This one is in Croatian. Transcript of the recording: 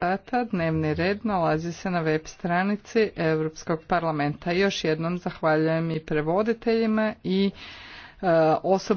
sata dnevni red nalazi se na web stranici Europskog parlamenta. Još jednom zahvaljujem i prevoditeljima i e,